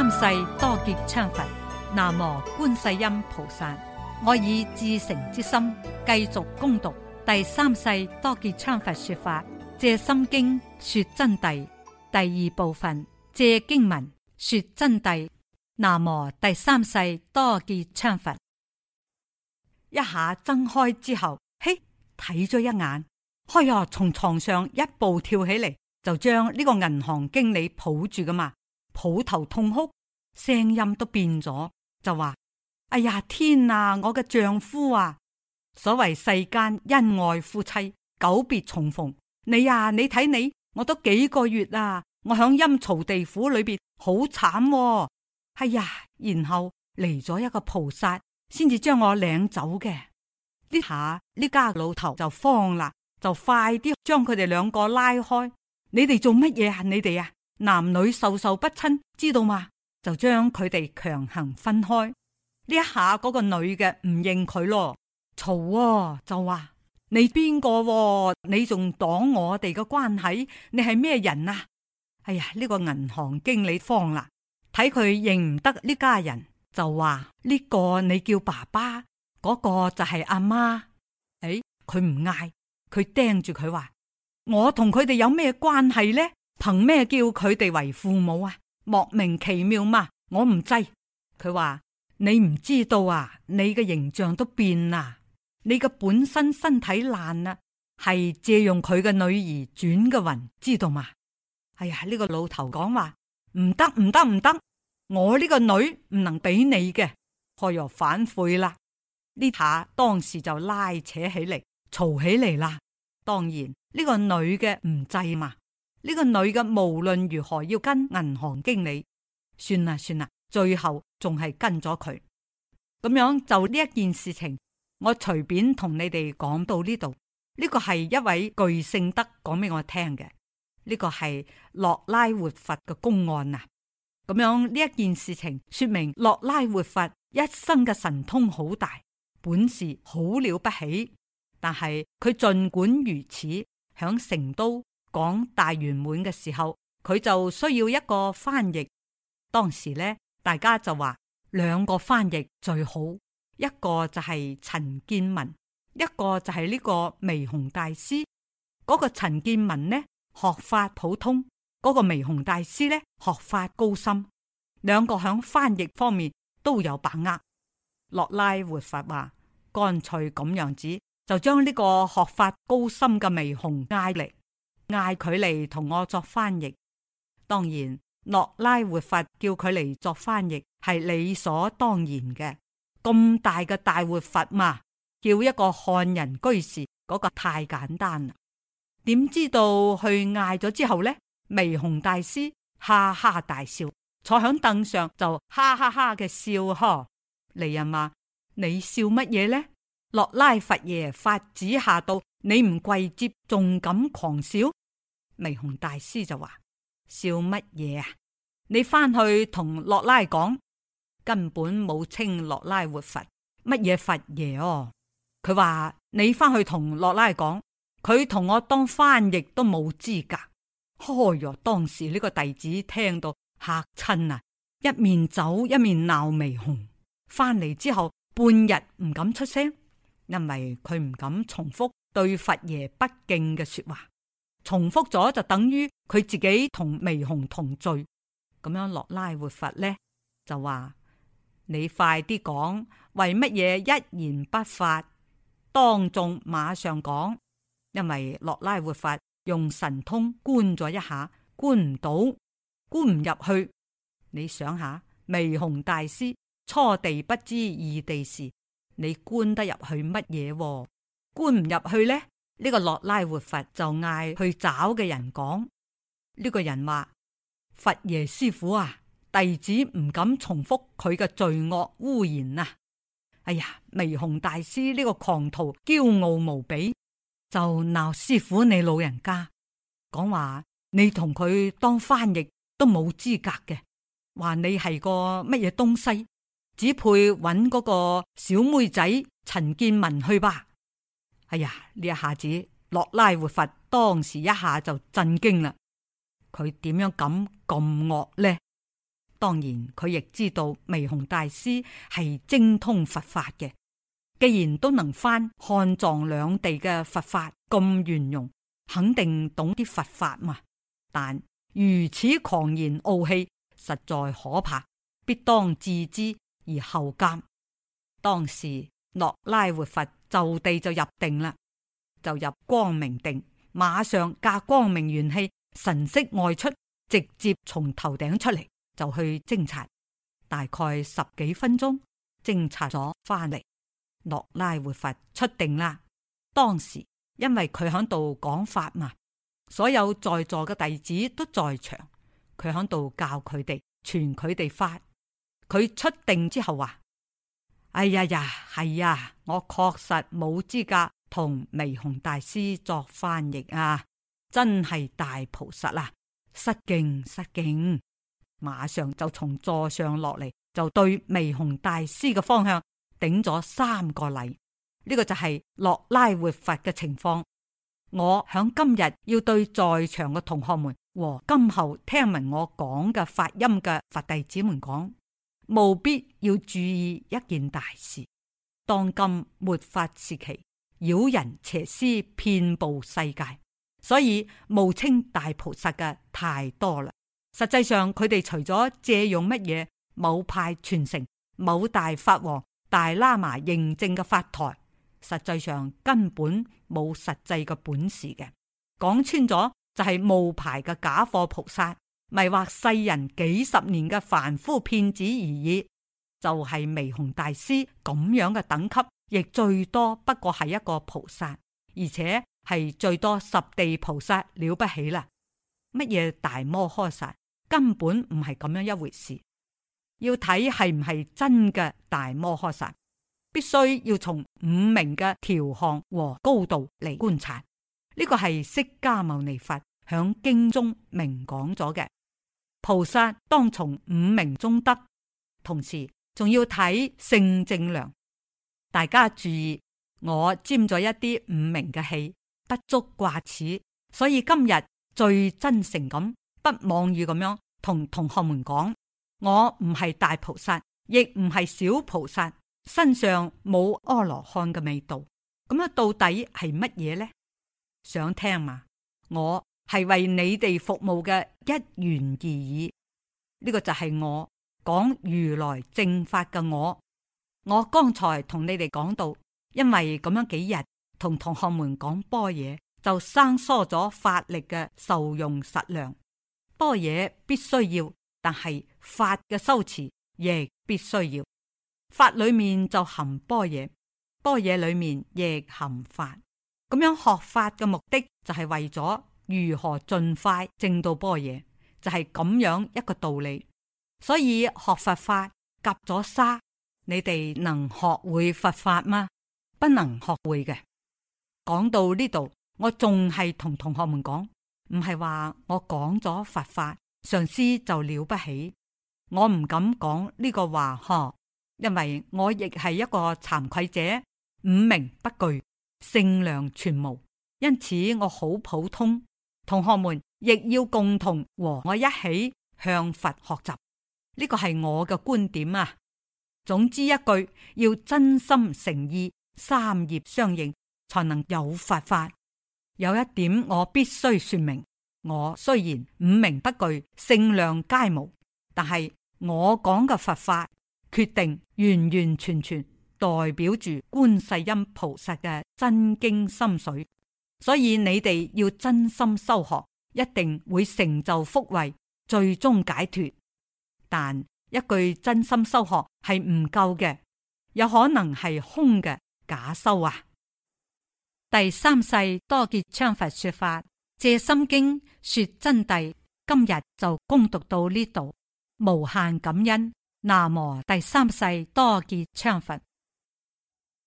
三世多杰羌佛，南無觀世音菩薩。我以至誠之心繼續攻讀第三世多杰羌佛說法，藉心經說真諦第二部分，藉經文說真諦。南無第三世多杰羌佛。一下睜開之後，嘿，睇咗一眼，哎呀，從床上一步跳起嚟，就將呢個銀行經理抱住噶嘛。.抱頭痛哭，聲音都變咗，就話：哎呀天啊，我嘅丈夫啊！所謂世間恩愛夫妻，久別重逢。你呀，你睇你，我都幾個月啦，我響陰曹地府裏邊好慘哦。哎呀，然後嚟咗一個菩薩，先至將我領走嘅。呢下呢家老頭就慌啦，就快啲將佢哋兩個拉開。你哋做乜嘢啊？你哋啊！男女授受不親，知道嗎？就將佢哋強行分開。呢一下，嗰個女嘅唔認佢咯，嘈、哦、就話你邊個？你仲、哦、擋我哋嘅關係？你係咩人啊？哎呀，呢、這個銀行經理慌啦，睇佢認唔得呢家人，就話呢、這個你叫爸爸，嗰、那個就係阿媽，媽。哎，佢唔嗌，佢盯住佢話，我同佢哋有咩關係呢？憑咩叫佢哋為父母啊？莫名其妙嘛！我唔制，佢話你唔知道啊！你嘅形象都變啦，你嘅本身身體爛啦、啊，係借用佢嘅女兒轉嘅魂，知道嘛？哎呀，呢、這個老頭講話，唔得唔得唔得，我呢個女唔能俾你嘅，佢又反悔啦。呢下當時就拉扯起嚟，嘈起嚟啦。當然呢、這個女嘅唔制嘛。呢個女嘅無論如何要跟銀行經理，算啦算啦，最後仲係跟咗佢。咁樣就呢一件事情，我隨便同你哋講到呢度。呢個係一位巨聖德講俾我聽嘅，呢個係洛拉活佛嘅公案啊。咁樣呢一件事情，說明洛拉活佛一生嘅神通好大，本事好了不起。但係佢盡管如此，響成都，講大圓滿嘅時候，佢就需要一個翻譯。當時呢，大家就話，兩個翻譯最好，一個就係陳建文，一個就係呢個微紅大師。嗰、那個陳建文呢學法普通，嗰、那個微紅大師呢學法高深，兩個響翻譯方面都有把握。洛拉活佛話：乾脆咁樣子就將呢個學法高深嘅微紅嗌嚟。嗌佢嚟同我作翻譯，當然諾拉活佛叫佢嚟作翻譯係理所當然嘅。咁大嘅大活佛嘛，叫一個漢人居士，嗰個太簡單啦。點知道去嗌咗之後呢，微紅大師哈哈大笑，坐響凳上就哈哈哈嘅笑呵。嚟人話你笑乜嘢呢？諾拉佛爺法旨下到，你唔跪接，仲敢狂笑？微紅大師就話：笑乜嘢啊？你翻去同洛拉講，根本冇稱洛拉活佛乜嘢佛爺哦。佢話你翻去同洛拉講，佢同我當翻譯都冇資格。哎喲，當時呢個弟子聽到吓親啊，一面走一面鬧微紅。翻嚟之後半日唔敢出聲，因為佢唔敢重複對佛爺不敬嘅說話。重複咗就等於佢自己同微紅同罪咁樣。洛拉活佛呢就話：你快啲講，為乜嘢一言不發？當眾馬上講，因為洛拉活佛用神通觀咗一下，觀唔到，觀唔入去。你想下，微紅大師初地不知二地時，你觀得入去乜嘢？觀唔入去呢？呢個洛拉活佛就嗌去找嘅人講，呢、這個人話：佛爺師傅啊，弟子唔敢重復佢嘅罪惡污言啊！哎呀，微紅大師呢個狂徒驕傲無比，就鬧師傅你老人家，講話你同佢當翻譯都冇資格嘅，話你係個乜嘢東西，只配揾嗰個小妹仔陳建文去吧。哎呀！呢一下子，洛拉活佛當時一下就震驚啦。佢點樣敢咁惡呢？當然，佢亦知道微紅大師係精通佛法嘅。既然都能翻漢藏兩地嘅佛法咁圓融，肯定懂啲佛法嘛。但如此狂言傲氣，實在可怕，必當自知而後鑒。當時，洛拉活佛。就地就入定啦，就入光明定，馬上駕光明元氣，神色外出，直接從頭頂出嚟就去偵察，大概十幾分鐘偵察咗返嚟，諾拉活佛出定啦。當時因為佢喺度講法嘛，所有在座嘅弟子都在場，佢喺度教佢哋傳佢哋法，佢出定之後話。哎呀呀，係、哎、呀，我確實冇資格同微紅大師作翻譯啊！真係大菩薩啦、啊，失敬失敬，馬上就從座上落嚟，就對微紅大師嘅方向頂咗三個禮。呢、這個就係諾拉活佛嘅情況。我響今日要對在場嘅同學們和今後聽聞我講嘅發音嘅佛弟子們講。務必要注意一件大事，當今末法時期，妖人邪師遍布世界，所以冒稱大菩薩嘅太多啦。實際上佢哋除咗借用乜嘢某派傳承、某大法王、大喇嘛認證嘅法台，實際上根本冇實際嘅本事嘅，講穿咗就係、是、冒牌嘅假貨菩薩。迷惑世人幾十年嘅凡夫騙子而已，就係、是、微紅大師咁樣嘅等級，亦最多不過係一個菩薩，而且係最多十地菩薩了不起啦。乜嘢大摩訶薩根本唔係咁樣一回事，要睇係唔係真嘅大摩訶薩，必須要從五明嘅條項和高度嚟觀察。呢、這個係釋迦牟尼佛響經中明講咗嘅。菩薩當從五明中得，同時仲要睇聖證量。大家注意，我沾咗一啲五明嘅氣，不足掛齒。所以今日最真誠咁，不妄語咁樣同同學們講，我唔係大菩薩，亦唔係小菩薩，身上冇阿羅漢嘅味道。咁樣到底係乜嘢呢？想聽嘛？我。係為你哋服務嘅一員而已，呢、這個就係我講如來正法嘅我。我剛才同你哋講到，因為咁樣幾日同同學們講般若，就生疏咗法力嘅受用實量。般若必須要，但係法嘅修持亦必須要。法裏面就含般若，般若裏面亦含法。咁樣學法嘅目的就係為咗。如何盡快正到般若，就係、是、咁樣一個道理。所以學佛法夾咗沙，你哋能學會佛法嗎？不能學會嘅。講到呢度，我仲係同同學們講，唔係話我講咗佛法，上師就了不起。我唔敢講呢個話，嗬，因為我亦係一個慚愧者，五明不具，聖量全無，因此我好普通。同學們亦要共同和我一起向佛學習，呢、這個係我嘅觀點啊！總之一句，要真心誠意、三業相應，才能有佛法。有一點我必須說明，我雖然五明不具、聖量皆無，但係我講嘅佛法，決定完完全全代表住觀世音菩薩嘅真經心水。所以你哋要真心修學，一定會成就福慧，最終解脫。但一句真心修學係唔夠嘅，有可能係空嘅假修啊！第三世多杰羌佛說法《藉心經》說真諦，今日就恭讀到呢度，無限感恩。南無第三世多杰羌佛。